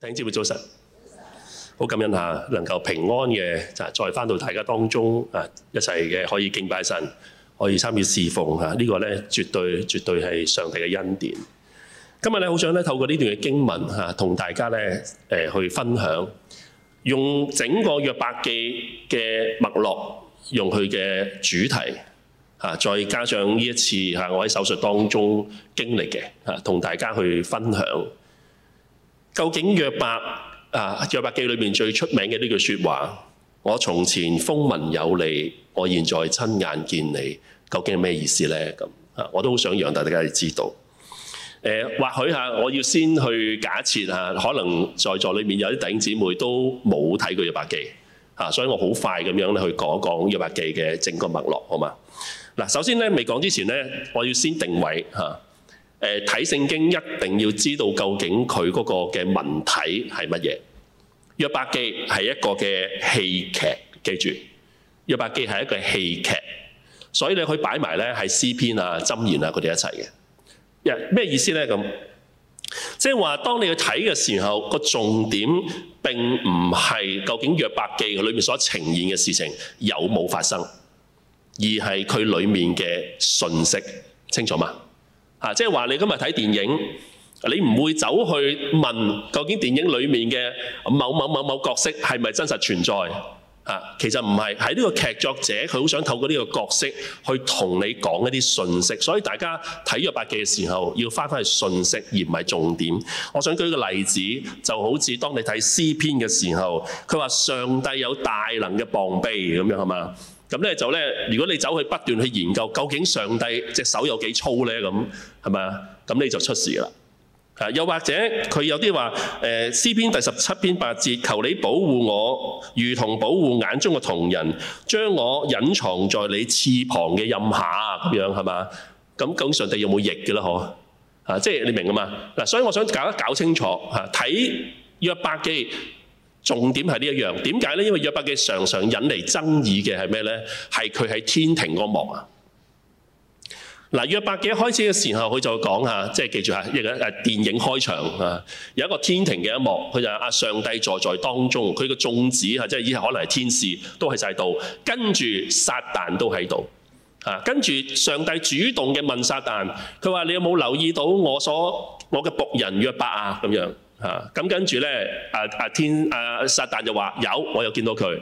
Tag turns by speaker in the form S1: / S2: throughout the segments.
S1: 弟兄姊妹，早晨，好感恩吓，能夠平安嘅就再翻到大家當中啊，一齊嘅可以敬拜神，可以參與侍奉吓，呢個咧絕對絕對係上帝嘅恩典。今日咧，好想咧透過呢段嘅經文吓，同大家咧誒去分享，用整個約伯記嘅脈絡，用佢嘅主題吓，再加上呢一次吓，我喺手術當中經歷嘅吓，同大家去分享。究竟約伯啊，約伯記裏面最出名嘅呢句説話，我從前風聞有你，我現在親眼見你，究竟係咩意思呢？咁啊，我都好想讓大家知道。呃、或許嚇，我要先去假設嚇，可能在座裏面有啲弟兄姊妹都冇睇過約伯記嚇、啊，所以我好快咁樣去講一講約伯記嘅整個脈絡，好嘛？嗱、啊，首先咧未講之前咧，我要先定位嚇。啊誒睇聖經一定要知道究竟佢嗰個嘅文體係乜嘢？約伯記係一個嘅戲劇，記住約伯記係一個戲劇，所以你可以擺埋咧係詩篇啊、箴言啊佢哋一齊嘅。咩意思呢？咁即係話，當你去睇嘅時候，個重點並唔係究竟約伯記裏面所呈現嘅事情有冇發生，而係佢裡面嘅信息清楚嗎？即係話你今日睇電影，你唔會走去問究竟電影裏面嘅某某某某角色係咪真實存在？啊、其實唔係，喺呢個劇作者佢好想透過呢個角色去同你講一啲信息，所以大家睇《約伯記》嘅時候要翻翻去信息而唔係重點。我想舉個例子，就好似當你睇《詩篇》嘅時候，佢話上帝有大能嘅膀臂咁樣，係嘛？咁咧就咧，如果你走去不斷去研究究竟上帝隻手有幾粗咧，咁係咪？咁你就出事啦。又或者佢有啲話誒，詩篇第十七篇八節，求你保護我，如同保護眼中嘅瞳仁，將我隱藏在你翅膀嘅陰下，咁樣係嘛？咁究竟上帝有冇翼嘅啦？嗬，啊，即係你明啊嘛？嗱，所以我想搞一搞清楚吓，睇約伯記。重點係呢一樣，點解呢？因為約伯記常常引嚟爭議嘅係咩呢？係佢喺天庭嗰幕啊！嗱，約伯記開始嘅時候，佢就講吓，即係記住吓，一誒電影開場啊，有一個天庭嘅一幕，佢就話啊上帝在在當中，佢個眾子，吓、啊，即係以後可能係天使都喺晒度，跟住撒旦都喺度啊，跟住上帝主動嘅問撒旦，佢話你有冇留意到我所我嘅僕人約伯啊咁樣。啊！咁跟住咧，阿、啊、天，阿、啊、撒旦就話有，我又見到佢。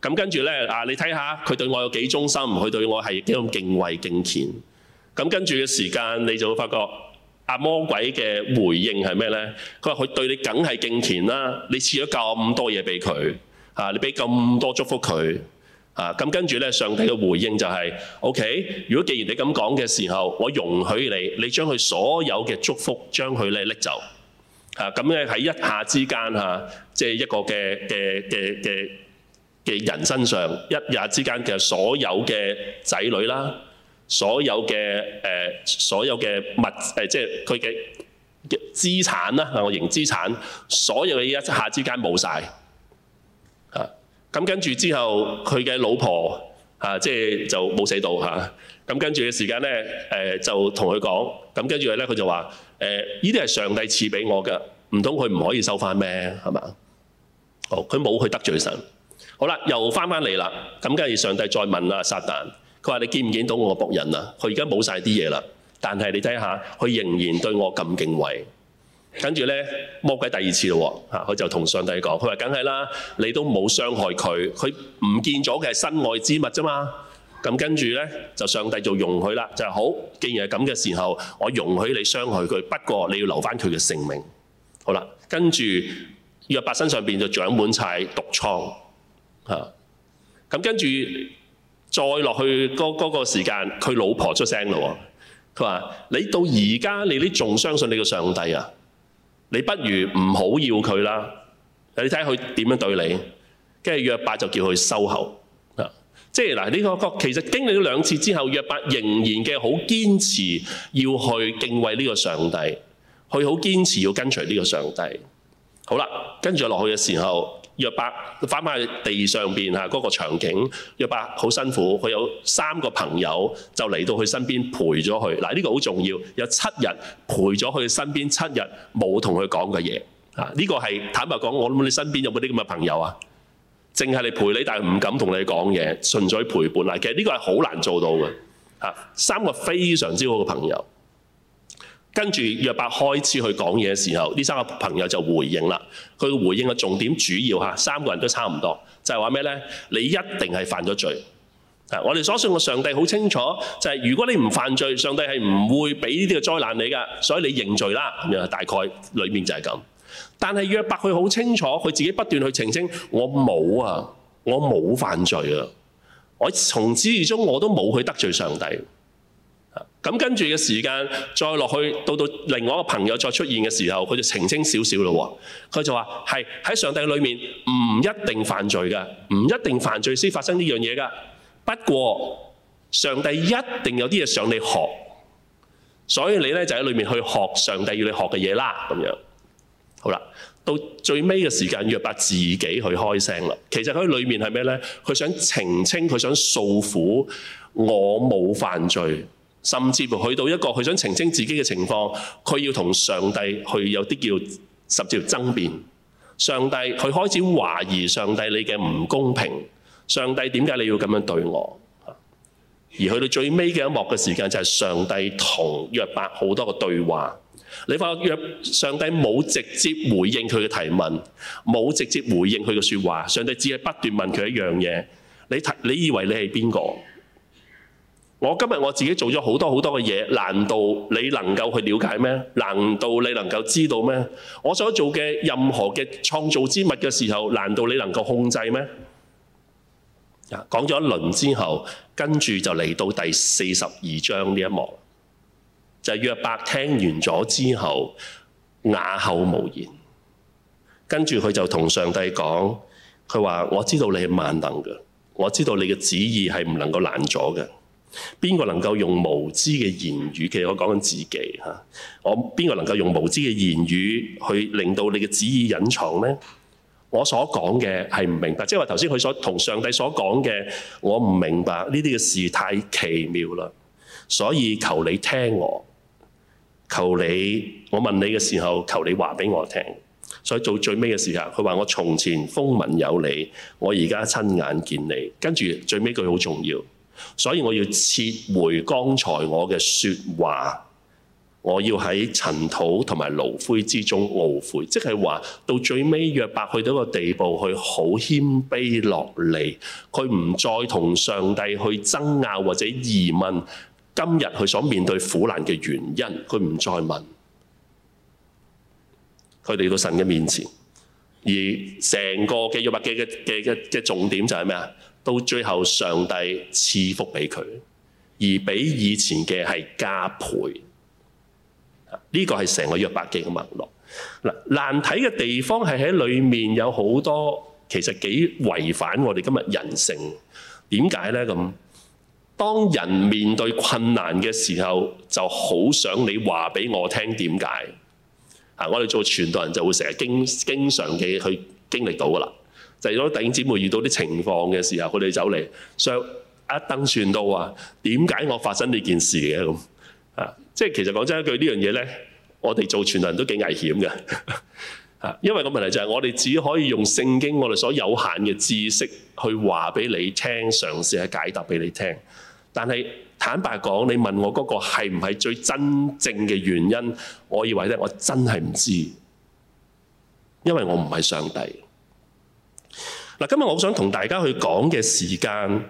S1: 咁跟住咧，啊，呢啊你睇下佢對我有幾忠心，佢對我係幾咁敬畏敬虔。咁、啊、跟住嘅時間，你就會發覺阿、啊、魔鬼嘅回應係咩咧？佢話佢對你梗係敬虔啦，你賜咗咁多嘢俾佢，啊，你俾咁多祝福佢，啊咁、啊、跟住咧，上帝嘅回應就係 O K。嗯、okay，如果既然你咁講嘅時候，我容許你，你將佢所有嘅祝福，將佢咧拎走。啊，咁咧喺一下之間嚇，即、啊、係、就是、一個嘅嘅嘅嘅嘅人身上，一日之間其實所有嘅仔女啦，所有嘅誒、啊，所有嘅物誒，即係佢嘅嘅資產啦，啊，我、就、型、是資，啊、資產，所有嘅嘢一下之間冇晒。嚇、啊，咁跟住之後，佢嘅老婆嚇，即、啊、係就冇、是、死到嚇。咁、啊、跟住嘅時間咧，誒、啊、就同佢講，咁、啊、跟住佢咧佢就話。誒，呢啲係上帝賜俾我㗎，唔通佢唔可以收翻咩？係嘛？哦，佢冇去得罪神。好啦，又翻返嚟啦。咁跟住上帝再問啦，撒旦，佢話：你見唔見到我僕人啊？佢而家冇晒啲嘢啦，但係你睇下，佢仍然對我咁敬畏。跟住咧，魔鬼第二次咯喎，佢就同上帝講：佢話梗係啦，你都冇傷害佢，佢唔見咗嘅係身外之物啫嘛。咁跟住呢，就上帝就容許啦，就係好，既然係咁嘅時候，我容許你傷害佢，不過你要留翻佢嘅性命。好啦，跟住約伯身上面就長滿晒毒瘡嚇。咁跟住再落去嗰個時間，佢老婆出聲啦，佢話：你到而家你都仲相信你個上帝啊？你不如唔好要佢啦。你睇下佢點樣對你，跟住約伯就叫佢收口。即係嗱，你覺唔覺其實經歷咗兩次之後，約伯仍然嘅好堅持要去敬畏呢個上帝，佢好堅持要跟隨呢個上帝。好啦，跟住落去嘅時候，約伯翻返去地上邊嚇嗰個場景，約伯好辛苦，佢有三個朋友就嚟到佢身邊陪咗佢。嗱，呢個好重要，有七日陪咗佢身邊，七日冇同佢講嘅嘢。啊、這個，呢個係坦白講，我諗你身邊有冇啲咁嘅朋友啊？淨係嚟陪你，但係唔敢同你講嘢，純粹陪伴啦。其實呢個係好難做到嘅。嚇，三個非常之好嘅朋友，跟住約伯開始去講嘢嘅時候，呢三個朋友就回應啦。佢回應嘅重點主要嚇，三個人都差唔多，就係話咩呢？「你一定係犯咗罪」。我哋所信嘅上帝好清楚，就係如果你唔犯罪，上帝係唔會俾呢啲嘅災難你㗎，所以你認罪啦。大概裏面就係咁。但係約伯佢好清楚，佢自己不斷去澄清：我冇啊，我冇犯罪啊！我從始至終我都冇去得罪上帝。咁、啊、跟住嘅時間再落去，到到另外一個朋友再出現嘅時候，佢就澄清少少咯。佢就話：係喺上帝裏面唔一定犯罪噶，唔一定犯罪先發生呢樣嘢噶。不過上帝一定有啲嘢想你學，所以你咧就喺裏面去學上帝要你學嘅嘢啦，咁樣。好啦，到最尾嘅時間，約伯自己去開聲啦。其實佢裏面係咩呢？佢想澄清，佢想訴苦，我冇犯罪，甚至乎去到一個佢想澄清自己嘅情況，佢要同上帝去有啲叫十字條爭辯。上帝，佢開始懷疑上帝你嘅唔公平，上帝點解你要咁樣對我？而去到最尾嘅一幕嘅時間，就係上帝同約伯好多個對話。你發覺上帝冇直接回應佢嘅提問，冇直接回應佢嘅說話，上帝只係不斷問佢一樣嘢。你，你以為你係邊個？我今日我自己做咗好多好多嘅嘢，難道你能夠去了解咩？難道你能夠知道咩？我所做嘅任何嘅創造之物嘅時候，難道你能夠控制咩？講咗一輪之後，跟住就嚟到第四十二章呢一幕。就約伯聽完咗之後，啞口無言。跟住佢就同上帝講，佢話我知道你係萬能嘅，我知道你嘅旨意係唔能夠攔阻嘅。邊個能夠用無知嘅言語？其實我講緊自己嚇。我邊個能夠用無知嘅言語去令到你嘅旨意隱藏呢？我所講嘅係唔明白，即係話頭先佢所同上帝所講嘅，我唔明白呢啲嘅事太奇妙啦。所以求你聽我。求你，我問你嘅時候，求你話俾我聽。所以到最尾嘅時候，佢話我從前風聞有你，我而家親眼見你。跟住最尾句好重要，所以我要撤回剛才我嘅說話。我要喺塵土同埋爐灰之中懊悔，即係話到最尾約伯去到一個地步，佢好謙卑落嚟，佢唔再同上帝去爭拗或者疑問。今日佢所面對苦難嘅原因，佢唔再問佢哋到神嘅面前，而成個嘅約伯記嘅嘅嘅嘅重點就係咩啊？到最後上帝賜福俾佢，而比以前嘅係加倍。呢個係成個約伯記嘅脈絡。嗱難睇嘅地方係喺裏面有好多，其實幾違反我哋今日人性。點解呢咁？當人面對困難嘅時候，就好想你話俾我聽點解啊！我哋做傳道人就會成日經經常嘅去經歷到噶啦，就係如果弟兄姊妹遇到啲情況嘅時候，佢哋走嚟上一登傳道啊，點解我發生呢件事嘅咁啊？即係其實講真一句呢樣嘢呢，我哋做傳道人都幾危險嘅啊，因為個問題就係我哋只可以用聖經我哋所有有限嘅知識去話俾你你聽，嘗試去解答俾你聽。但係坦白講，你問我嗰個係唔係最真正嘅原因，我以為咧，我真係唔知，因為我唔係上帝。嗱，今日我想同大家去講嘅時間，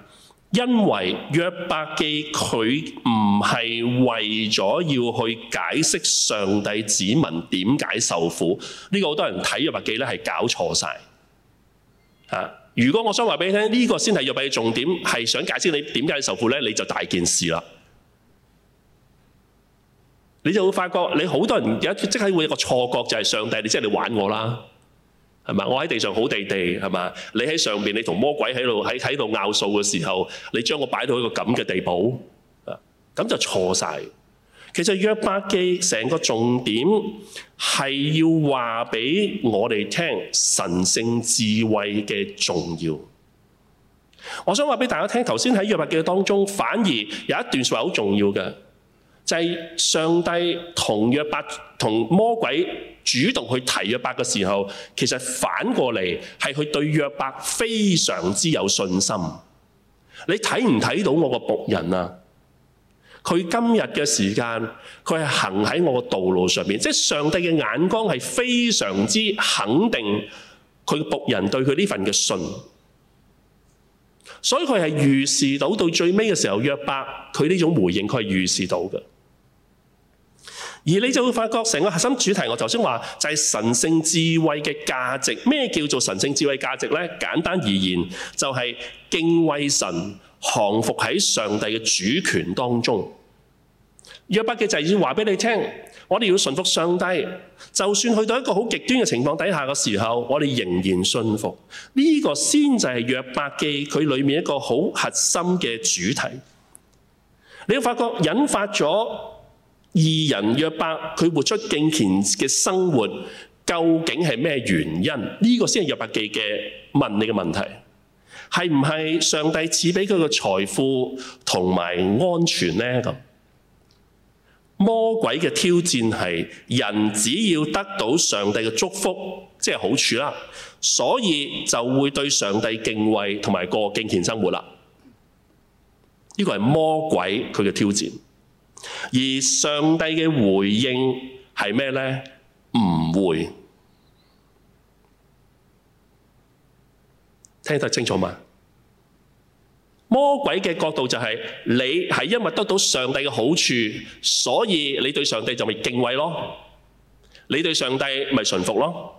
S1: 因為約伯記佢唔係為咗要去解釋上帝子民點解受苦，呢、這個好多人睇約伯記咧係搞錯晒。嚇。如果我想話俾你聽，呢、這個先係約伯嘅重點，係想解釋你點解受苦呢？你就大件事啦。你就會發覺，你好多人而家即係會一個錯覺，就係、是、上帝，你即係你玩我啦，係嘛？我喺地上好地地，係嘛？你喺上邊，你同魔鬼喺度喺喺度拗數嘅時候，你將我擺到一個咁嘅地步，啊，咁就錯晒。其實約伯記成個重點係要話俾我哋聽神聖智慧嘅重要。我想話俾大家聽，頭先喺約伯記當中，反而有一段說話好重要嘅，就係上帝同約伯同魔鬼主動去提約伯嘅時候，其實反過嚟係佢對約伯非常之有信心。你睇唔睇到我個僕人啊？佢今日嘅時間，佢係行喺我嘅道路上面。即係上帝嘅眼光係非常之肯定佢僕人對佢呢份嘅信，所以佢係預示到到最尾嘅時候，約伯佢呢種回應，佢係預示到嘅。而你就會發覺成個核心主題我，我頭先話就係、是、神聖智慧嘅價值。咩叫做神聖智慧價值呢？簡單而言，就係、是、敬畏神，降服喺上帝嘅主權當中。約伯記就係要話俾你聽，我哋要順服上帝，就算去到一個好極端嘅情況底下嘅時候，我哋仍然順服。呢個先就係約伯記佢裏面一個好核心嘅主題。你會發覺引發咗義人約伯佢活出敬虔嘅生活，究竟係咩原因？呢個先係約伯記嘅問你嘅問題，係唔係上帝賜俾佢嘅財富同埋安全呢？咁？魔鬼嘅挑戰係人只要得到上帝嘅祝福，即係好處啦，所以就會對上帝敬畏同埋過敬虔生活啦。呢個係魔鬼佢嘅挑戰，而上帝嘅回應係咩呢？唔會，聽得清楚嗎？魔鬼嘅角度就係你係因為得到上帝嘅好處，所以你對上帝就咪敬畏咯，你對上帝咪順服咯。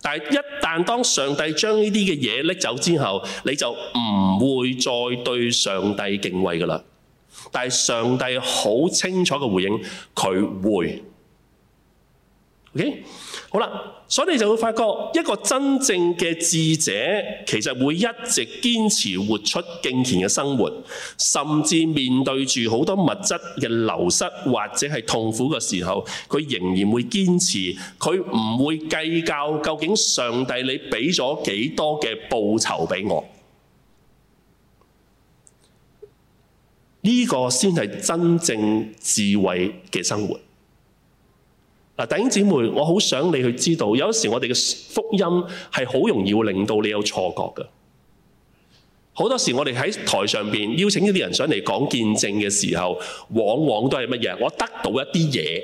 S1: 但係一旦當上帝將呢啲嘅嘢拎走之後，你就唔會再對上帝敬畏噶啦。但係上帝好清楚嘅回應，佢會。OK，好啦，所以你就會發覺一個真正嘅智者，其實會一直堅持活出敬虔嘅生活，甚至面對住好多物質嘅流失或者係痛苦嘅時候，佢仍然會堅持，佢唔會計較究竟上帝你俾咗幾多嘅報酬俾我，呢個先係真正智慧嘅生活。嗱，弟兄姊妹，我好想你去知道，有時我哋嘅福音係好容易會令到你有錯覺嘅。好多時我哋喺台上邊邀請呢啲人上嚟講見證嘅時候，往往都係乜嘢？我得到一啲嘢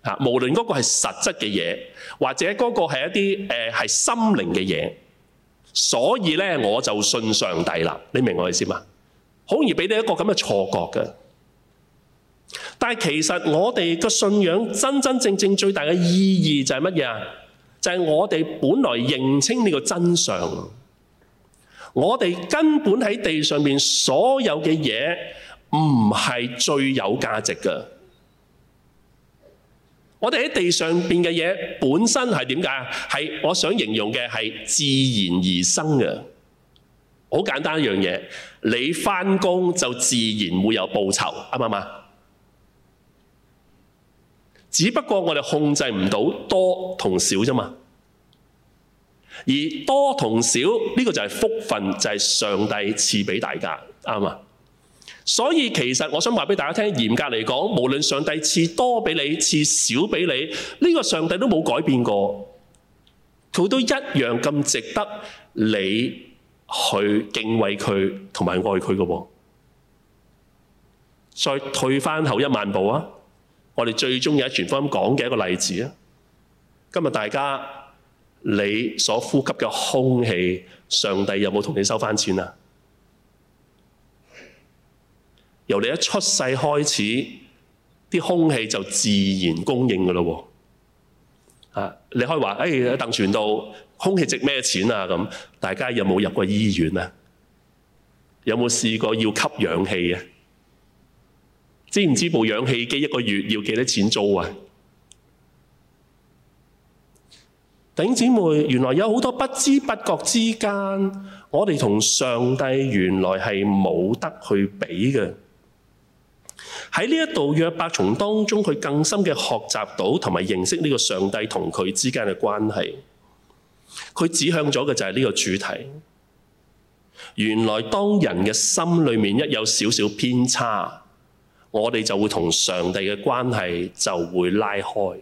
S1: 啊，無論嗰個係實質嘅嘢，或者嗰個係一啲誒係心靈嘅嘢，所以咧我就信上帝啦。你明我意思嗎？好容易俾你一個咁嘅錯覺嘅。但係其實我哋嘅信仰真真正正最大嘅意義就係乜嘢啊？就係、是、我哋本來認清呢個真相。我哋根本喺地上面所有嘅嘢唔係最有價值㗎。我哋喺地上邊嘅嘢本身係點解啊？係我想形容嘅係自然而生嘅。好簡單一樣嘢，你翻工，就自然會有報酬，啱唔啱？只不過我哋控制唔到多同少啫嘛，而多同少呢個就係福分，就係上帝賜俾大家，啱嘛。所以其實我想話俾大家聽，嚴格嚟講，無論上帝賜多俾你，賜少俾你，呢個上帝都冇改變過，佢都一樣咁值得你去敬畏佢同埋愛佢嘅喎。再退翻後一萬步啊！我哋最終要喺全方位講嘅一個例子啊！今日大家你所呼吸嘅空氣，上帝有冇同你收返錢啊？由你一出世開始，啲空氣就自然供應㗎喇喎。你可以話，哎，鄧傳道，空氣值咩錢啊？咁大家有冇入過醫院啊？有冇試過要吸氧氣啊？知唔知部氧氣機一個月要幾多錢租啊？頂姊妹，原來有好多不知不覺之間，我哋同上帝原來係冇得去比嘅。喺呢一度約伯從當中，佢更深嘅學習到同埋認識呢個上帝同佢之間嘅關係。佢指向咗嘅就係呢個主題。原來當人嘅心裏面一有少少偏差。我哋就會同上帝嘅關係就會拉開，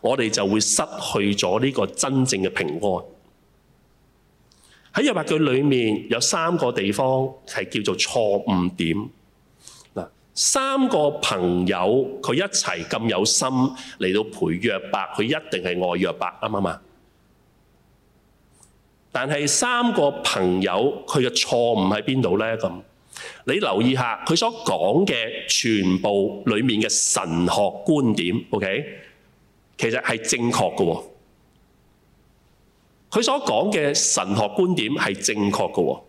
S1: 我哋就會失去咗呢個真正嘅平安。喺約伯記裏面有三個地方係叫做錯誤點。三個朋友佢一齊咁有心嚟到陪約伯，佢一定係愛約伯，啱唔啱？但係三個朋友佢嘅錯誤喺邊度呢？咁？你留意下佢所講嘅全部裏面嘅神學觀點，OK？其實係正確嘅。佢所講嘅神學觀點係正確嘅，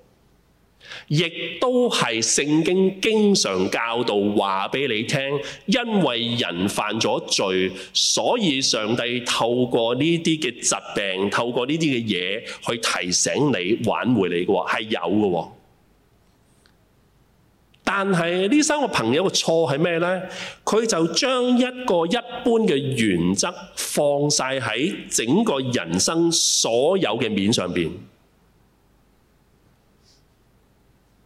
S1: 亦都係聖經經常教導話俾你聽。因為人犯咗罪，所以上帝透過呢啲嘅疾病，透過呢啲嘅嘢去提醒你挽回你嘅，係有嘅。但係呢三個朋友嘅錯係咩呢？佢就將一個一般嘅原則放晒喺整個人生所有嘅面上邊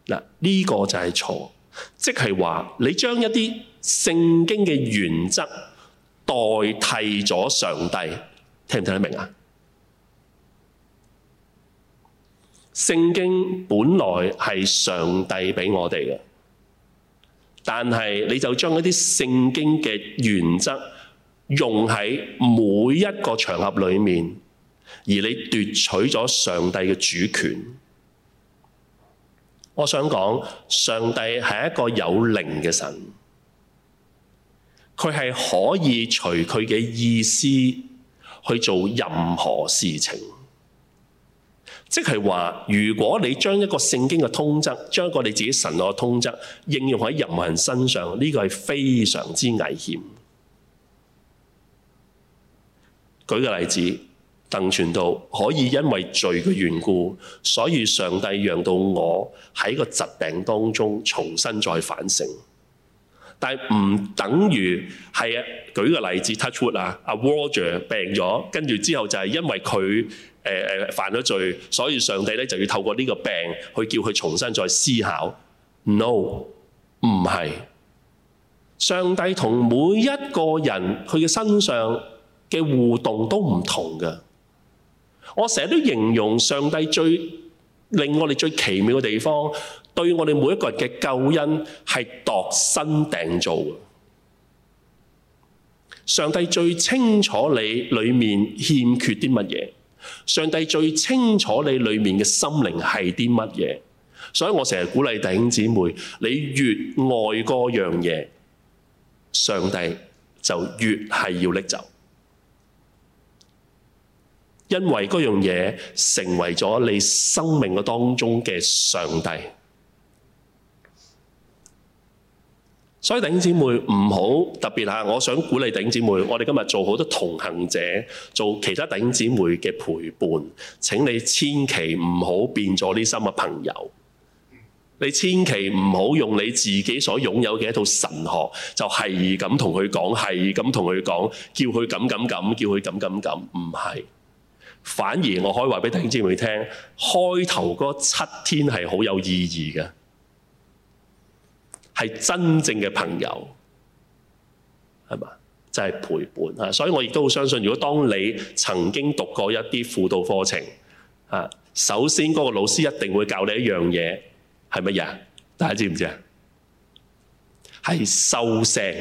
S1: 嗱，呢個就係錯，即係話你將一啲聖經嘅原則代替咗上帝，聽唔聽得明啊？聖經本來係上帝俾我哋嘅。但係，你就將一啲聖經嘅原則用喺每一個場合裏面，而你奪取咗上帝嘅主權。我想講，上帝係一個有靈嘅神，佢係可以隨佢嘅意思去做任何事情。即係話，如果你將一個聖經嘅通則，將一個你自己神我嘅通則應用喺任何人身上，呢個係非常之危險。舉個例子，鄧傳道可以因為罪嘅緣故，所以上帝讓到我喺個疾病當中重新再反省。但係唔等於係，舉個例子，Touchwood 啊，阿 Roger 病咗，跟住之後就係因為佢。呃呃、犯咗罪，所以上帝咧就要透過呢個病去叫佢重新再思考。No，唔係。上帝同每一個人佢嘅身上嘅互動都唔同嘅。我成日都形容上帝最令我哋最奇妙嘅地方，對我哋每一個人嘅救恩係度身訂造。上帝最清楚你裏面欠缺啲乜嘢。上帝最清楚你裏面嘅心靈係啲乜嘢，所以我成日鼓勵弟兄姊妹，你越愛嗰樣嘢，上帝就越係要拎走，因為嗰樣嘢成為咗你生命當中嘅上帝。所以頂姐妹唔好特別吓。我想鼓勵頂姐妹，我哋今日做好多同行者，做其他頂姐妹嘅陪伴。請你千祈唔好變咗呢三個朋友，你千祈唔好用你自己所擁有嘅一套神學，就係咁同佢講，係咁同佢講，叫佢咁咁咁，叫佢咁咁咁，唔係。反而我可以話俾頂姐妹聽，開頭嗰七天係好有意義嘅。係真正嘅朋友，係嘛？即係陪伴啊！所以我亦都好相信，如果當你曾經讀過一啲輔導課程啊，首先嗰個老師一定會教你一樣嘢，係乜嘢？大家知唔知啊？係收聲，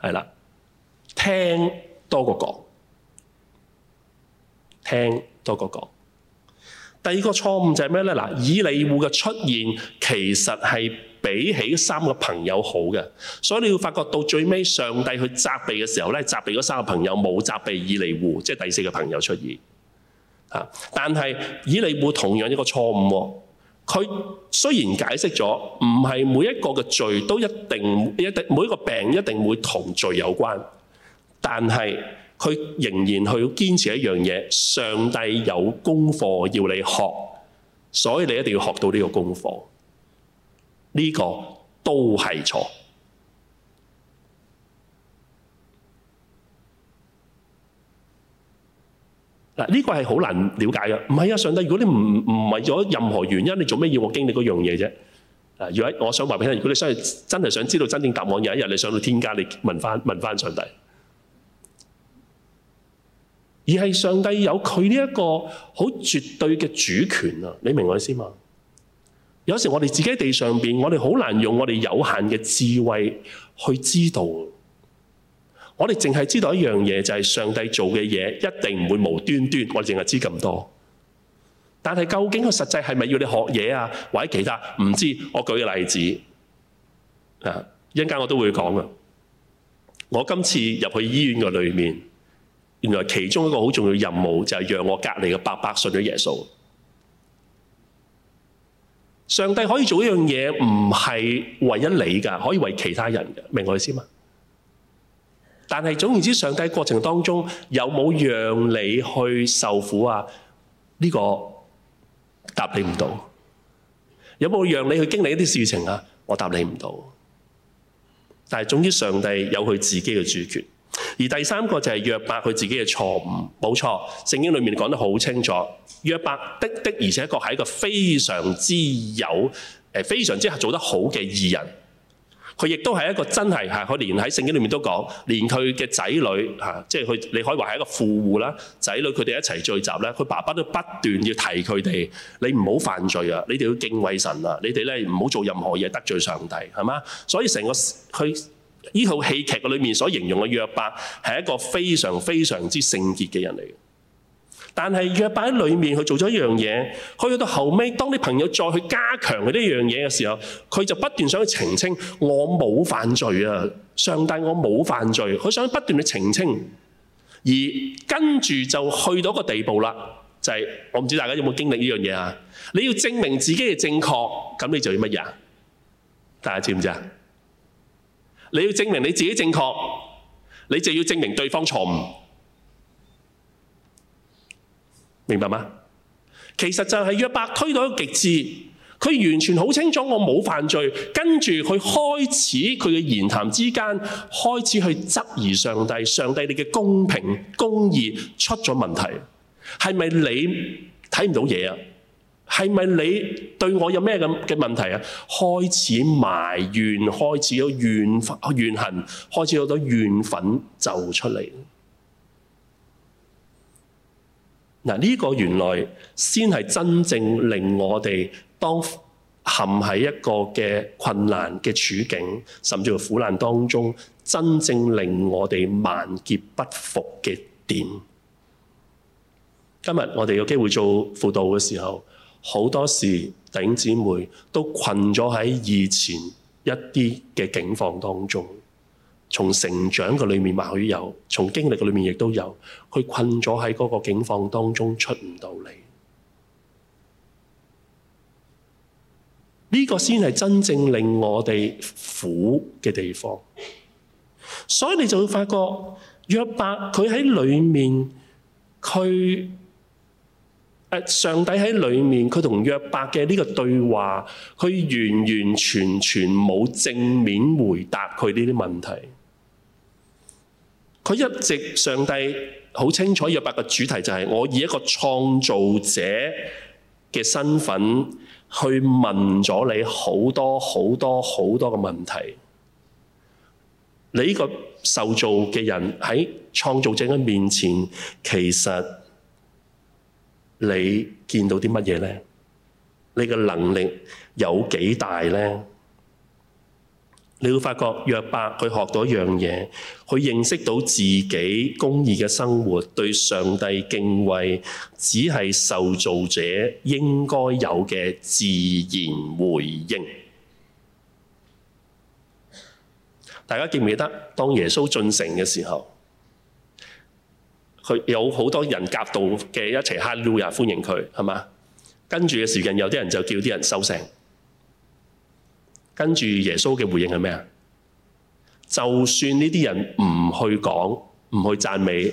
S1: 係啦，聽多過講，聽多過講。第二個錯誤就係咩呢？嗱，以利戶嘅出現其實係比起三個朋友好嘅，所以你要發覺到最尾上帝去責備嘅時候呢，責備嗰三個朋友，冇責備以利戶，即係第四個朋友出現。但係以利戶同樣一個錯誤，佢雖然解釋咗唔係每一個嘅罪都一定一定每一個病一定會同罪有關，但係，佢仍然去堅持一樣嘢，上帝有功課要你學，所以你一定要學到呢個功課。呢個都係錯。嗱，呢個係好難瞭解嘅。唔係啊，上帝，如果你唔唔係為咗任何原因，你做咩要我經歷嗰樣嘢啫？啊，如果我想話俾你聽，如果你真係真係想知道真正答案，有一日你上到天家，你問翻問翻上帝。而係上帝有佢呢一個好絕對嘅主權啊！你明我意思嘛？有時我哋自己喺地上邊，我哋好難用我哋有限嘅智慧去知道。我哋淨係知道一樣嘢，就係上帝做嘅嘢一定唔會無端端。我哋淨係知咁多，但係究竟佢實際係咪要你學嘢啊？或者其他唔知？我舉個例子啊，一陣間我都會講啊。我今次入去醫院嘅裏面。原來其中一個好重要任務就係讓我隔籬嘅伯伯信咗耶穌。上帝可以做一樣嘢唔係為咗你㗎，可以為其他人，明我意思嘛？但係總言之，上帝的過程當中有冇讓你去受苦啊？呢、這個答你唔到。有冇讓你去經歷一啲事情啊？我答你唔到。但係總之，上帝有佢自己嘅主權。而第三個就係約伯佢自己嘅錯誤，冇錯。聖經裏面講得好清楚，約伯的的而且確係一個非常之有誒，非常之做得好嘅義人。佢亦都係一個真係嚇，佢連喺聖經裏面都講，連佢嘅仔女嚇，即係佢你可以話係一個富戶啦，仔女佢哋一齊聚集咧，佢爸爸都不斷要提佢哋，你唔好犯罪啊！你哋要敬畏神啊！你哋咧唔好做任何嘢得罪上帝，係嘛？所以成個佢。呢套戲劇嘅裏面所形容嘅約伯係一個非常非常之聖潔嘅人嚟嘅，但係約伯喺裏面佢做咗一樣嘢，去到後尾，當啲朋友再去加強佢呢樣嘢嘅時候，佢就不斷想去澄清：我冇犯罪啊，上帝我冇犯罪。佢想不斷去澄清，而跟住就去到一個地步啦，就係我唔知大家有冇經歷呢樣嘢啊？你要證明自己係正確，咁你就要乜嘢啊？大家知唔知啊？你要證明你自己正確，你就要證明對方錯誤，明白嗎？其實就係約伯推到一個極致，佢完全好清楚我冇犯罪，跟住佢開始佢嘅言談之間開始去質疑上帝，上帝你嘅公平公義出咗問題，係咪你睇唔到嘢啊？係咪你對我有咩咁嘅問題啊？開始埋怨，開始有怨怨恨，開始有咗怨憤就出嚟。嗱，呢個原來先係真正令我哋當陷喺一個嘅困難嘅處境，甚至乎苦難當中，真正令我哋萬劫不復嘅點。今日我哋有機會做輔導嘅時候。好多時弟兄姊妹都困咗喺以前一啲嘅境況當中，從成長嘅裏面或許有，從經歷嘅裏面亦都有，佢困咗喺嗰個境況當中出唔到嚟。呢、這個先係真正令我哋苦嘅地方，所以你就會發覺約伯佢喺裏面佢。上帝喺裏面，佢同約伯嘅呢個對話，佢完完全全冇正面回答佢呢啲問題。佢一直上帝好清楚約伯嘅主題就係我以一個創造者嘅身份去問咗你好多好多好多嘅問題。你呢個受造嘅人喺創造者嘅面前，其實你見到啲乜嘢呢？你嘅能力有幾大呢？你會發覺，約伯去學到一樣嘢，去認識到自己公義嘅生活，對上帝敬畏，只係受造者應該有嘅自然回應。大家記唔記得當耶穌進城嘅時候？佢有好多人夾道嘅一齊哈利路亞，歡迎佢，係嘛？跟住嘅時間，有啲人就叫啲人收聲。跟住耶穌嘅回應係咩啊？就算呢啲人唔去講、唔去讚美，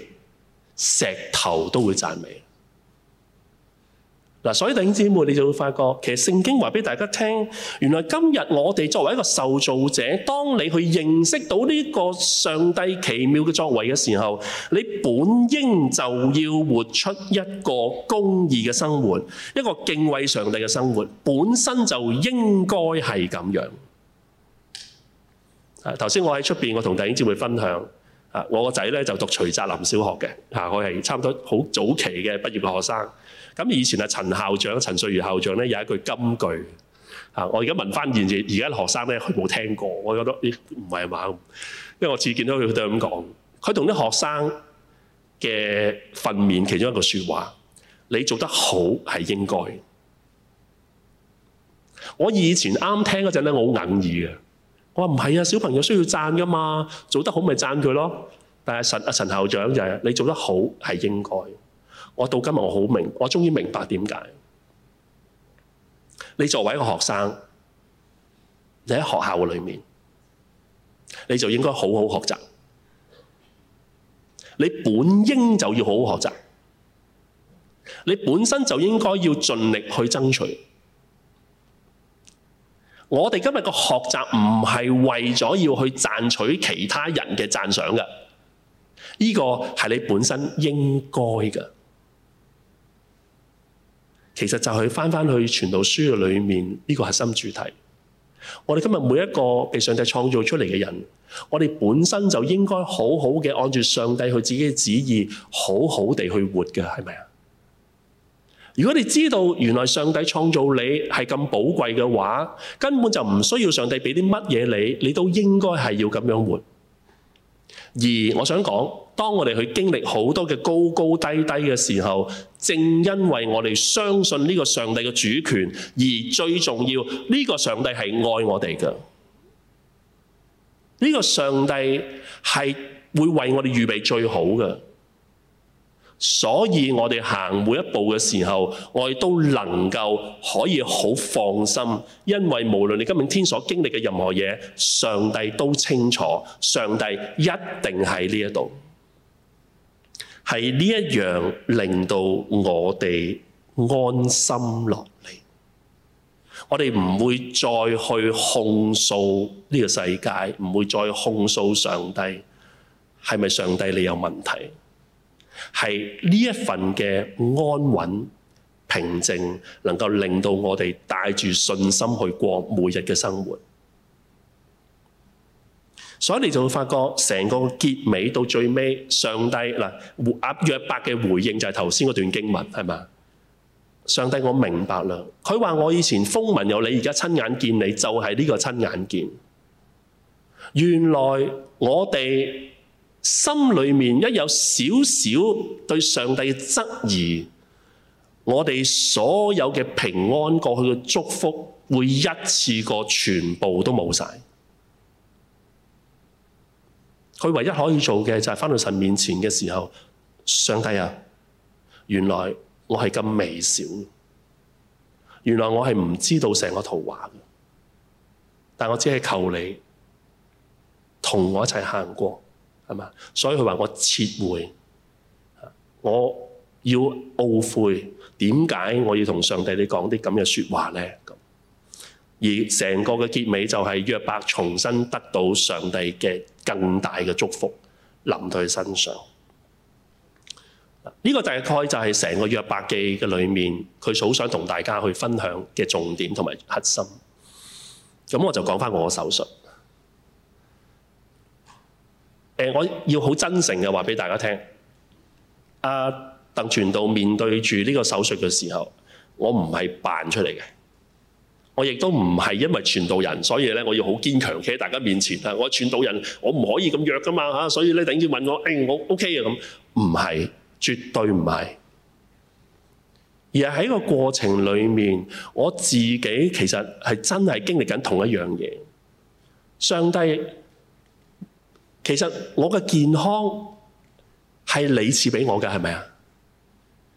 S1: 石頭都會讚美。嗱，所以弟兄姊妹，你就會發覺，其實聖經話俾大家聽，原來今日我哋作為一個受造者，當你去認識到呢個上帝奇妙嘅作為嘅時候，你本應就要活出一個公義嘅生活，一個敬畏上帝嘅生活，本身就應該係咁樣。啊，頭先我喺出邊，我同弟兄姊妹分享，啊，我個仔咧就讀徐澤林小學嘅，啊，我係差唔多好早期嘅畢業學生。咁以前啊，陳校長、陳瑞如校長咧有一句金句嚇，我而家問翻現時而家嘅學生咧，佢冇聽過，我覺得咦唔係嘛？因為我次見到佢佢都係咁講，佢同啲學生嘅訓勉其中一個説話：你做得好係應該。我以前啱聽嗰陣咧，我好哽耳嘅，我話唔係啊，小朋友需要讚噶嘛，做得好咪讚佢咯。但係陳啊陳校長就係、是、你做得好係應該。我到今日我好明，我終於明白點解你作為一個學生，你喺學校裏面，你就應該好好學習。你本應就要好好學習，你本身就應該要盡力去爭取。我哋今日嘅學習唔係為咗要去賺取其他人嘅讚賞嘅，呢個係你本身應該嘅。其實就係翻翻去《傳道書》裏面呢個核心主題。我哋今日每一個被上帝創造出嚟嘅人，我哋本身就應該好好嘅按住上帝佢自己嘅旨意，好好地去活嘅，係咪啊？如果你知道原來上帝創造你係咁寶貴嘅話，根本就唔需要上帝俾啲乜嘢你什麼，你都應該係要咁樣活。而我想講。當我哋去經歷好多嘅高高低低嘅時候，正因為我哋相信呢個上帝嘅主權，而最重要，呢個上帝係愛我哋嘅。呢個上帝係會為我哋預備最好嘅，所以我哋行每一步嘅時候，我哋都能夠可以好放心，因為無論你今日天所經歷嘅任何嘢，上帝都清楚，上帝一定喺呢一度。係呢一樣令到我哋安心落嚟，我哋唔會再去控訴呢個世界，唔會再控訴上帝，係咪上帝你有問題？係呢一份嘅安穩平靜，能夠令到我哋帶住信心去過每日嘅生活。所以你就會發覺，成個結尾到最尾，上帝嗱約伯嘅回應就係頭先嗰段經文，係嘛？上帝，我明白啦。佢話我以前風聞有你，而家親眼見你，就係呢個親眼見。原來我哋心裏面一有少少對上帝嘅質疑，我哋所有嘅平安過去嘅祝福，會一次過全部都冇晒。佢唯一可以做嘅就係返到神面前嘅時候，上帝啊，原來我係咁微小，原來我係唔知道成個圖畫嘅，但我只係求你同我一齊行過，係嘛？所以佢話我撤回，我要懊悔，點解我要同上帝你講啲咁嘅說話呢？而成個嘅結尾就係約伯重新得到上帝嘅更大嘅祝福臨到佢身上。呢個大概就係成個約伯記嘅裏面，佢好想同大家去分享嘅重點同埋核心。咁我就講翻我嘅手術。我要好真誠嘅話俾大家聽，啊，阿鄧傳道面對住呢個手術嘅時候，我唔係扮出嚟嘅。我亦都唔係因為傳道人，所以咧，我要好堅強企喺大家面前啊！我傳道人，我唔可以咁弱噶嘛吓，所以咧，等住問我，誒、哎，我 OK 啊咁，唔係，絕對唔係，而係喺個過程裏面，我自己其實係真係經歷緊同一樣嘢。上帝，其實我嘅健康係你賜俾我嘅，係咪啊？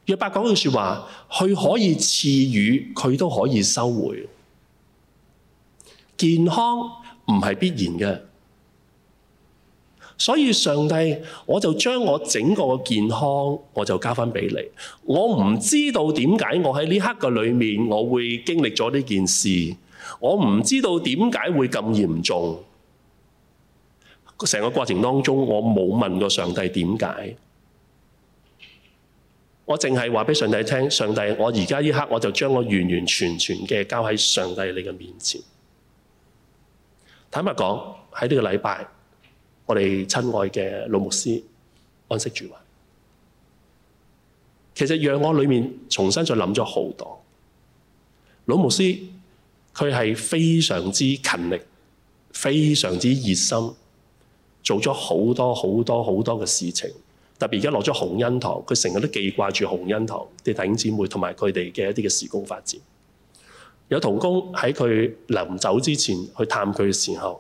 S1: 約伯講句說話，佢可以賜予，佢都可以收回。健康唔係必然嘅，所以上帝，我就將我整個嘅健康我就交翻俾你。我唔知道點解我喺呢刻嘅裏面我會經歷咗呢件事，我唔知道點解會咁嚴重。成個過程當中，我冇問過上帝點解，我淨係話俾上帝聽，上帝，我而家呢刻我就將我完完全全嘅交喺上帝你嘅面前。坦白講，喺呢個禮拜，我哋親愛嘅老牧師安息主懷。其實讓我裏面重新再諗咗好多。老牧師佢係非常之勤力，非常之熱心，做咗好多好多好多嘅事情。特別而家落咗紅恩堂，佢成日都記掛住紅恩堂啲弟兄姊妹同埋佢哋嘅一啲嘅事工發展。有童工喺佢臨走之前去探佢嘅時候，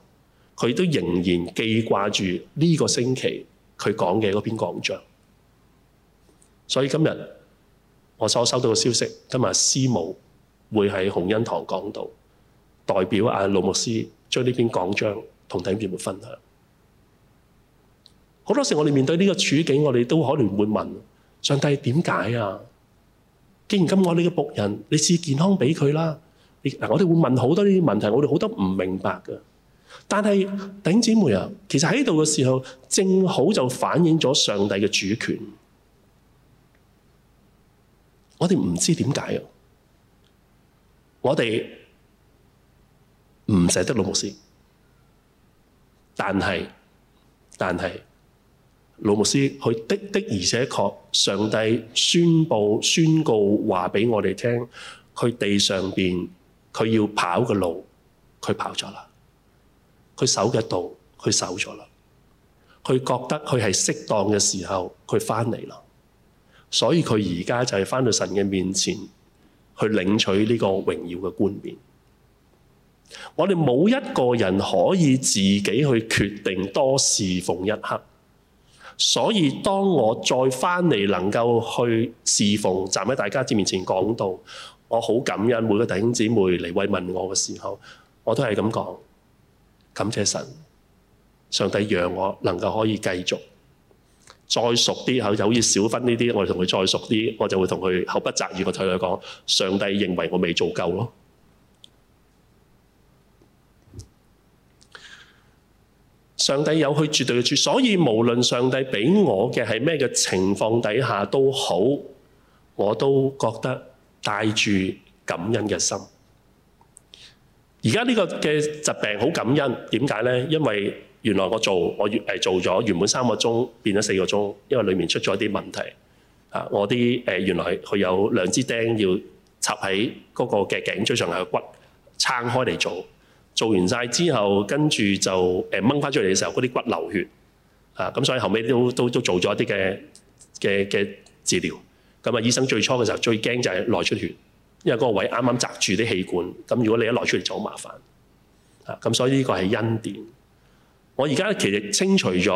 S1: 佢都仍然記掛住呢個星期佢講嘅嗰篇講章。所以今日我所收到嘅消息，今日師母會喺紅恩堂講道，代表阿老牧師將呢篇講章同弟兄姊妹分享。好多時候我哋面對呢個處境，我哋都可能會問上帝點解啊？既然咁我呢個僕人，你試健康俾佢啦。我哋會問好多呢啲問題，我哋好多唔明白噶。但係弟兄姊妹啊，其實喺度嘅時候，正好就反映咗上帝嘅主權。我哋唔知點解，我哋唔捨得老牧師，但係但係老牧師佢的的，而且確上帝宣布宣告話俾我哋聽，佢地上邊。佢要跑嘅路，佢跑咗啦；佢守嘅道，佢守咗啦。佢覺得佢係適當嘅時候，佢翻嚟啦。所以佢而家就係翻到神嘅面前，去領取呢個榮耀嘅冠冕。我哋冇一個人可以自己去決定多侍奉一刻。所以當我再翻嚟，能夠去侍奉，站喺大家子面前講道。我好感恩每個弟兄姊妹嚟慰問我嘅時候，我都係咁講，感謝神，上帝讓我能夠可以繼續再熟啲，係可以少分呢啲，我哋同佢再熟啲，我就會同佢口不擇言，我同佢講，上帝認為我未做夠咯，上帝有佢絕對嘅主，所以無論上帝俾我嘅係咩嘅情況底下都好，我都覺得。帶住感恩嘅心，而家呢個嘅疾病好感恩，點解呢？因為原來我做我原做咗原本三個鐘變咗四個鐘，因為裡面出咗一啲問題啊！我啲誒、呃、原來佢有兩支釘要插喺嗰個嘅頸椎上嘅骨撐開嚟做，做完晒之後跟住就掹翻、呃、出嚟嘅時候，嗰啲骨流血啊！咁所以後尾都都做咗一啲嘅嘅嘅治療。咁啊，醫生最初嘅時候最驚就係內出血，因為嗰個位啱啱窒住啲氣管，咁如果你一內出血就好麻煩。啊，咁所以呢個係恩典。我而家其實清除咗，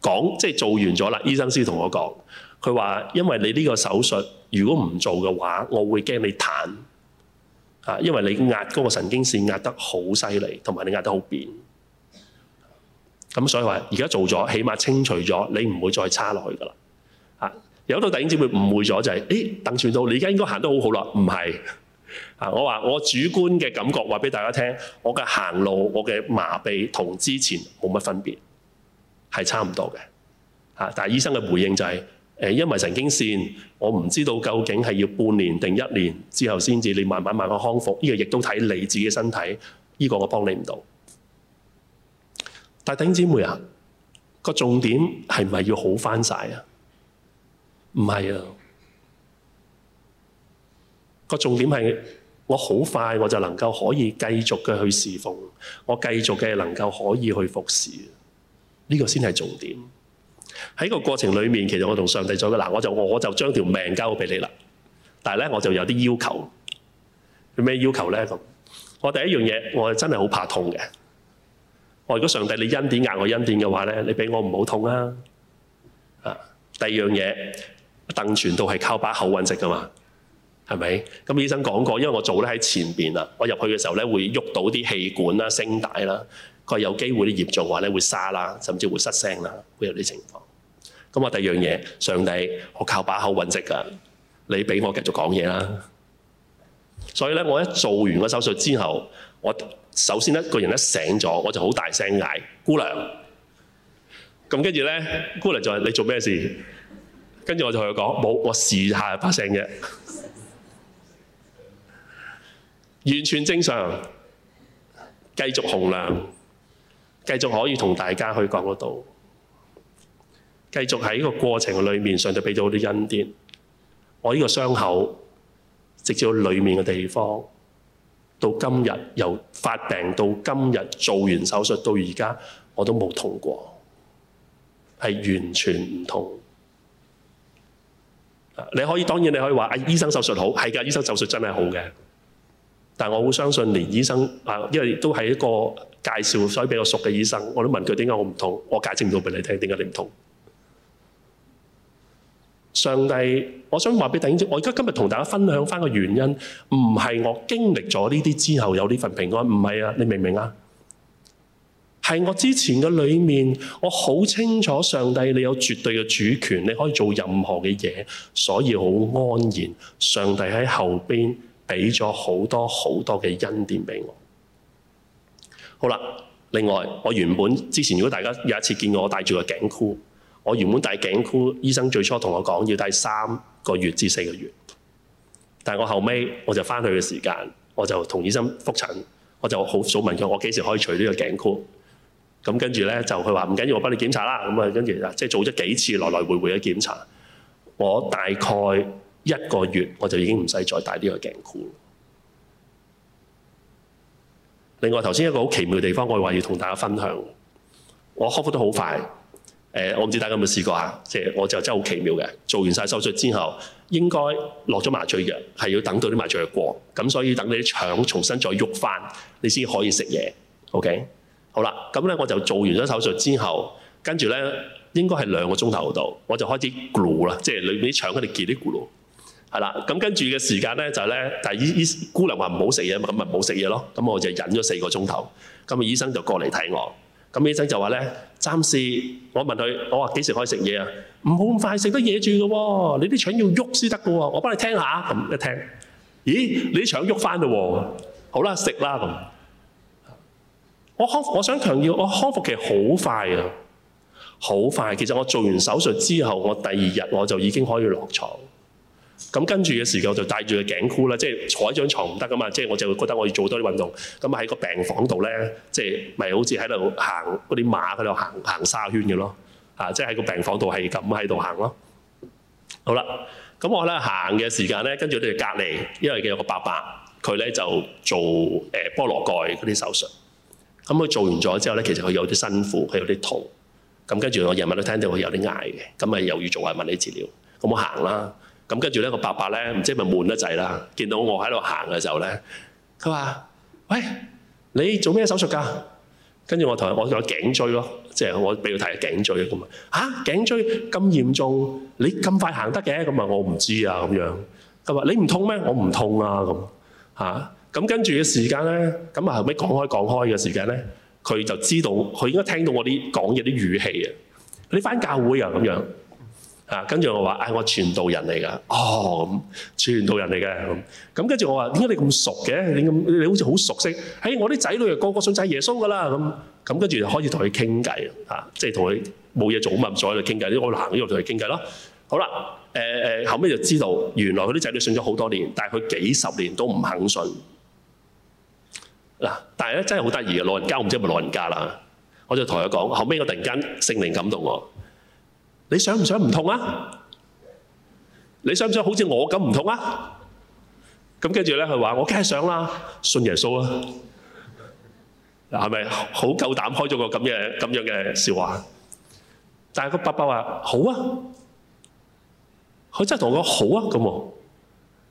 S1: 講即係做完咗啦。醫生先同我講，佢話因為你呢個手術，如果唔做嘅話，我會驚你癱。啊，因為你壓嗰個神經線壓得好犀利，同埋你壓得好扁。咁所以話而家做咗，起碼清除咗，你唔會再差落去㗎啦。有啲弟兄姐妹誤會咗就係，咦，鄧傳道，你而家應該行得好好啦，唔係啊？我話我主觀嘅感覺，話俾大家聽，我嘅行路，我嘅麻痹同之前冇乜分別，係差唔多嘅。但係醫生嘅回應就係，因為神經線，我唔知道究竟係要半年定一年之後先至，你慢慢慢慢康復。呢個亦都睇你自己身體，呢個我幫你唔到。但係弟兄姐妹啊，個重點係咪要好翻晒啊？唔係啊，個重點係，我好快我就能夠可以繼續嘅去侍奉，我繼續嘅能夠可以去服侍，呢個先係重點。喺個過程裏面，其實我同上帝做嘅嗱，我就我就將條命交俾你啦。但係咧，我就有啲要求。有咩要求咧？咁我第一樣嘢，我真係好怕痛嘅。我如果上帝你恩典硬我恩典嘅話咧，你俾我唔好痛啊，啊，第二樣嘢。鄧傳道係靠把口揾食噶嘛，係咪？咁醫生講過，因為我做咧喺前邊啊，我入去嘅時候咧會喐到啲氣管啦、聲帶啦，佢有機會啲嚴重話咧會沙啦，甚至會失聲啦，會有啲情況。咁我第二樣嘢，上帝，我靠把口揾食噶，你俾我繼續講嘢啦。所以咧，我一做完個手術之後，我首先一個人一醒咗，我就好大聲嗌：姑娘。咁跟住咧，姑娘就話：你做咩事？跟住我就同佢講，冇，我試一下把聲嘅，完全正常，繼續洪亮，繼續可以同大家去講嗰度，繼續喺呢個過程裏面，上帝俾咗啲恩典。我呢個傷口，直接到裏面嘅地方，到今日由發病到今日做完手術到而家，我都冇痛過，係完全唔痛。你可以，當然你可以話啊，醫生手術好係㗎，醫生手術真係好嘅。但係我好相信連醫生啊，因為都係一個介紹，所以比較熟嘅醫生。我都問佢點解我唔痛，我解釋唔到俾你聽點解你唔痛。上帝，我想話俾大家知，我而家今日同大家分享翻個原因，唔係我經歷咗呢啲之後有呢份平安，唔係啊，你明唔明啊？係我之前嘅裏面，我好清楚上帝你有絕對嘅主權，你可以做任何嘅嘢，所以好安然。上帝喺後邊俾咗好多好多嘅恩典俾我。好啦，另外我原本之前如果大家有一次見過我戴住個頸箍，我原本戴頸箍，醫生最初同我講要戴三個月至四個月，但係我後尾我就翻去嘅時間，我就同醫生複診，我就好早問佢我幾時可以除呢個頸箍？咁跟住咧就佢話唔緊要，我幫你檢查啦。咁啊，跟住，即係做咗幾次來來回回嘅檢查，我大概一個月我就已經唔使再戴呢個鏡箍。另外，頭先一個好奇妙嘅地方，我話要同大家分享，我康復得好快。誒，我唔知大家有冇試過啊？即係我就真係好奇妙嘅，做完晒手術之後，應該落咗麻醉藥，係要等到啲麻醉藥過，咁所以等你啲腸重新再喐翻，你先可以食嘢。OK。好啦，咁咧我就做完咗手術之後，跟住咧應該係兩個鐘頭度，我就開始咕嚕啦，即係裏邊啲腸喺度結啲咕嚕，係啦。咁跟住嘅時間咧就係咧，但係醫醫姑娘話唔好食嘢，咁咪唔好食嘢咯。咁我就忍咗四個鐘頭。咁醫生就過嚟睇我，咁醫生就話咧：暫時我問佢，我話幾時可以食嘢啊？唔好咁快食得嘢住嘅喎，你啲腸要喐先得嘅喎。我幫你聽下，咁一聽，咦，你啲腸喐翻嘞喎，好啦，食啦咁。我康我想強調，我康復期好快啊，好快！其實我做完手術之後，我第二日我就已經可以落床。咁跟住嘅時候我就戴住個頸箍啦，即係坐喺張床唔得噶嘛，即係我就會覺得我要做多啲運動。咁喺個病房度咧，即係咪好似喺度行嗰啲馬喺度行行沙圈嘅咯？啊，即係喺個病房度係咁喺度行咯。好啦，咁我咧行嘅時間咧，跟住我哋隔離，因為佢有個伯伯，佢咧就做誒、呃、菠蘿蓋嗰啲手術。咁佢做完咗之後咧，其實佢有啲辛苦，佢有啲痛。咁跟住我日晚都聽到佢有啲嗌嘅，咁咪又要做下物理治療。咁我行啦。咁跟住咧，個伯伯咧唔知咪悶得滯啦。見到我喺度行嘅時候咧，佢話：喂，你做咩手術㗎？跟住我同我講頸椎咯，即係我俾佢睇頸椎咁啊。嚇，頸椎咁嚴重，你咁快行得嘅？咁啊，我唔知啊咁樣。佢話：你唔痛咩？我唔痛啊咁嚇。咁跟住嘅時間咧，咁啊後尾講開講開嘅時間咧，佢就知道佢應該聽到我啲講嘢啲語氣啊，你返教會啊咁樣啊？跟住我話：唉、哎，我傳道人嚟噶。哦咁，傳道人嚟嘅咁。咁、嗯、跟住我話：點解你咁熟嘅？你咁你好似好熟悉？唉，我啲仔女啊，個個信曬耶穌噶啦咁。咁跟住就開始同佢傾偈啊，即係同佢冇嘢做啊嘛，所在喺度傾偈，我行呢度同佢傾偈咯。好啦、呃，後尾就知道原來佢啲仔女信咗好多年，但係佢幾十年都唔肯信。嗱，但係咧真係好得意嘅，老人家唔知係咪老人家啦。我就同佢講，後尾我突然間聖靈感動我，你想唔想唔痛啊？你想唔想好似我咁唔痛啊？咁跟住咧，佢話我梗係想啦，信耶穌啦、啊。嗱，係咪好夠膽開咗個咁嘅咁樣嘅笑話？但係個伯伯話好啊，佢真係同我講好啊咁。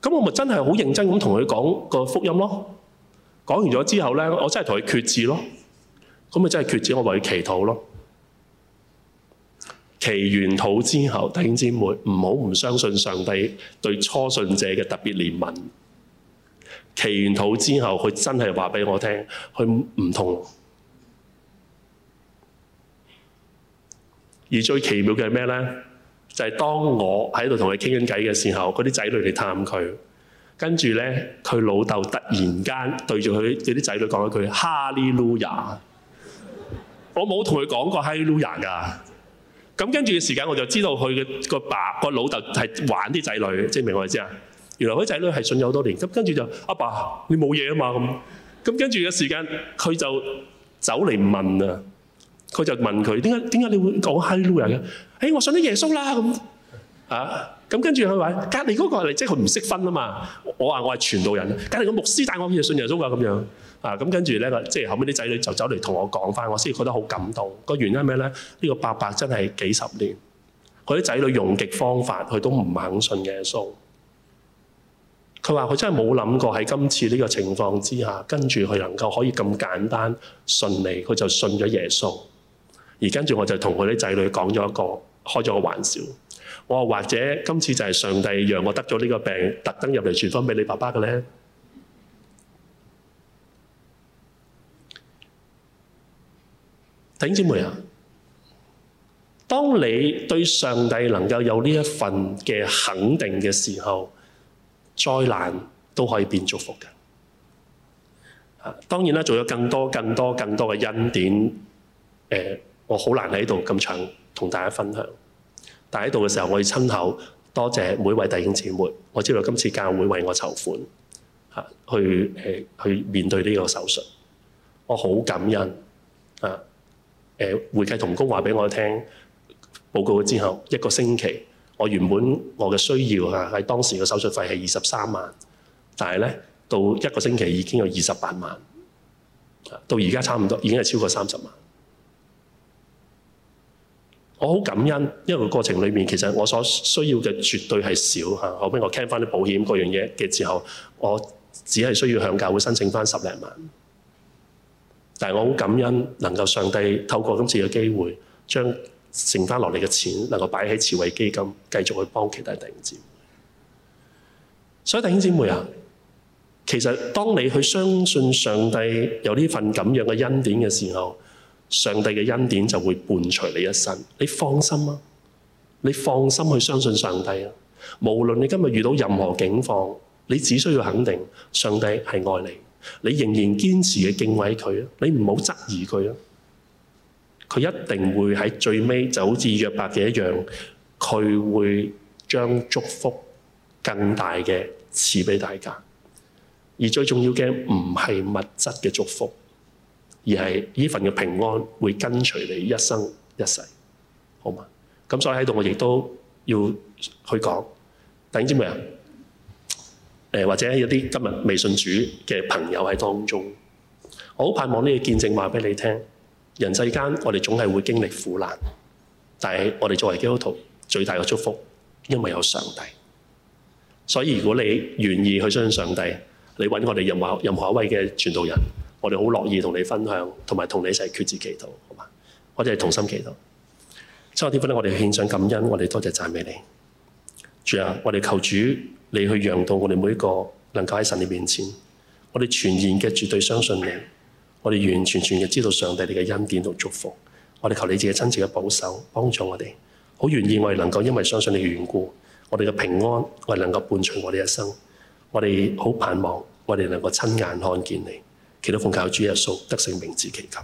S1: 咁我咪真係好認真咁同佢講個福音咯。講完咗之後呢，我真係同佢決志咯，咁咪真係決志，我為佢祈禱咯。祈完禱之後，弟兄姊妹唔好唔相信上帝對初信者嘅特別憐憫。祈完禱之後，佢真係話俾我聽，佢唔痛。而最奇妙嘅係咩呢？就係當我喺度同佢傾緊偈嘅時候，嗰啲仔女嚟探佢。跟住咧，佢老豆突然間對住佢啲仔女講一句哈利路亞。我冇同佢講過哈利路亞噶。咁跟住嘅時間，我就知道佢嘅個爸個老豆係玩啲仔女，即係明我哋知啊。原來佢仔女係信咗好多年。咁跟住就阿爸，ba，你冇嘢啊嘛咁。咁跟住嘅時間，佢就走嚟問啊。佢就問佢點解點解你會講哈利路亞嘅？誒、哎，我信咗耶穌啦咁啊。咁跟住佢話隔離嗰個係，即係佢唔識分啊嘛！我話我係傳道人，隔離個牧師帶我去信耶穌㗎咁樣啊！咁跟住咧，即係後屘啲仔女就走嚟同我講翻，我先覺得好感動。個原因係咩咧？呢、這個伯伯真係幾十年，佢啲仔女用極方法，佢都唔肯信耶穌。佢話佢真係冇諗過喺今次呢個情況之下，跟住佢能夠可以咁簡單順利，佢就信咗耶穌。而跟住我就同佢啲仔女講咗一個開咗個玩笑。我話或者今次就係上帝讓我得咗呢個病，特登入嚟傳翻俾你爸爸嘅呢。弟兄姊妹啊，當你對上帝能夠有呢一份嘅肯定嘅時候，災難都可以變祝福嘅。當然啦，仲有更多更多更多嘅恩典。誒，我好難喺度咁長同大家分享。但喺度嘅時候，我要親口多謝每位弟兄姊妹。我知道今次教會為我籌款，去、呃、去面對呢個手術，我好感恩。嚇、啊、誒、呃、會計同工話俾我聽，報告咗之後一個星期，我原本我嘅需要嚇喺當時嘅手術費係二十三萬，但係咧到一個星期已經有二十八萬，啊、到而家差唔多已經係超過三十萬。我好感恩，因為個過程裏面其實我所需要嘅絕對係少嚇。後尾我 cancel 翻啲保險嗰樣嘢嘅時候，我只係需要向教會申請翻十零萬。但係我好感恩能夠上帝透過今次嘅機會，將剩翻落嚟嘅錢能夠擺喺慈惠基金，繼續去幫其他弟兄姊妹。所以弟兄姊妹啊，其實當你去相信上帝有呢份咁樣嘅恩典嘅時候，上帝嘅恩典就會伴隨你一生，你放心啊！你放心去相信上帝啊！無論你今日遇到任何境況，你只需要肯定上帝係愛你，你仍然堅持嘅敬畏佢，你唔好質疑佢。他佢一定會喺最尾就好似約伯嘅一樣，佢會將祝福更大嘅賜畀大家。而最重要嘅唔係物質嘅祝福。而係呢份嘅平安會跟隨你一生一世，好嘛？咁所以喺度我亦都要去講。但係你知唔知啊？呃，或者有啲今日未信主嘅朋友喺當中，我好盼望呢個見證話俾你聽。人世間我哋總係會經歷苦難，但係我哋作為基督徒最大嘅祝福，因為有上帝。所以如果你願意去相信上帝，你揾我哋任何任何一位嘅傳道人。我哋好樂意同你分享，同埋同你一齊決志祈禱，好嘛？我哋係同心祈禱。最後呢部分，我哋獻上感恩，我哋多謝讚美你，主啊！我哋求主，你去讓到我哋每一個能夠喺神你面前，我哋全然嘅絕對相信你，我哋完完全全嘅知道上帝你嘅恩典同祝福。我哋求你自己親自嘅保守，幫助我哋。好願意我哋能夠因為相信你嘅緣故，我哋嘅平安，我哋能夠伴隨我哋一生。我哋好盼望，我哋能夠親眼看見你。祈求奉救主耶穌得勝，名字祈求。